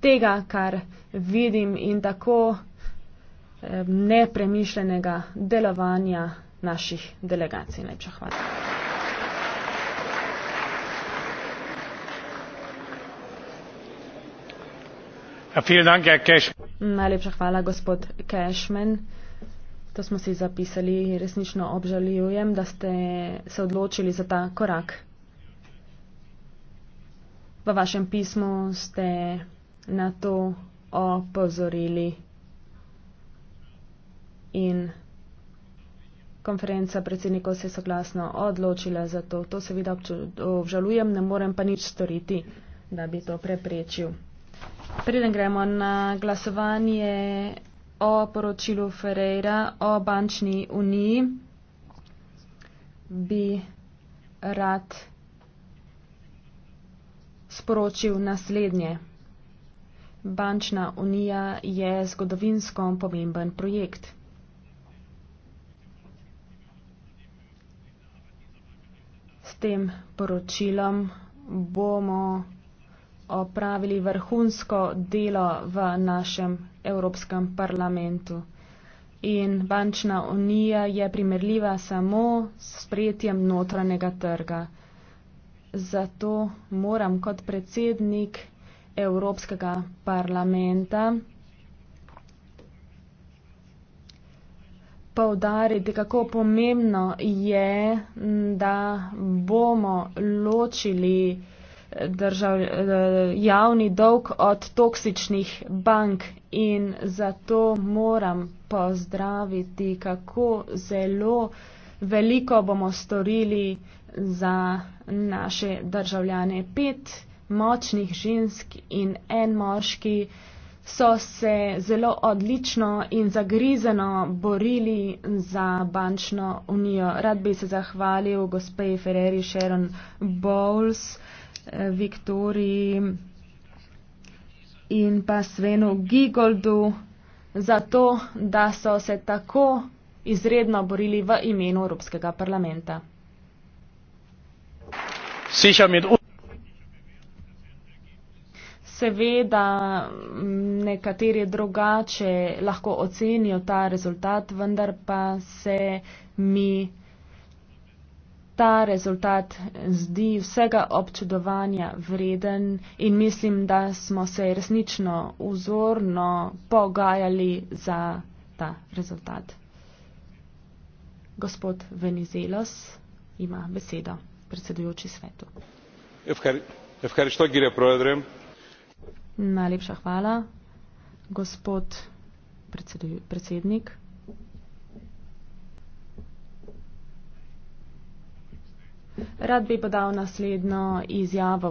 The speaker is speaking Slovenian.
tega, kar vidim in tako eh, nepremišljenega delovanja naših delegacij. Najče hvala. Ja, Najlepša hvala, gospod Cashman. To smo si zapisali. Resnično obžalujem, da ste se odločili za ta korak. V vašem pismu ste na to opozorili. In konferenca predsednikov se je soglasno odločila za to. To seveda obžalujem, ne morem pa nič storiti, da bi to preprečil. Preden gremo na glasovanje o poročilu Ferreira o bančni uniji, bi rad sporočil naslednje. Bančna unija je zgodovinsko pomemben projekt. S tem poročilom bomo opravili vrhunsko delo v našem Evropskem parlamentu. In bančna unija je primerljiva samo s sprejetjem notranjega trga. Zato moram kot predsednik Evropskega parlamenta poudariti, kako pomembno je, da bomo ločili držav, javni dolg od toksičnih bank in zato moram pozdraviti, kako zelo veliko bomo storili za naše državljane. 5 močnih žensk in en moški so se zelo odlično in zagrizeno borili za bančno unijo. Rad bi se zahvalil gospej Ferreri Sharon Bowles, eh, Viktoriji in pa Svenu Gigoldu za to, da so se tako izredno borili v imenu Evropskega parlamenta. Sicher mit Seveda nekateri drugače lahko ocenijo ta rezultat, vendar pa se mi ta rezultat zdi vsega občudovanja vreden in mislim, da smo se resnično vzorno pogajali za ta rezultat. Gospod Venizelos ima besedo predsedujoči svetu. Evkar, evkar Najlepša hvala, gospod predsednik. Rad bi podal naslednjo izjavo.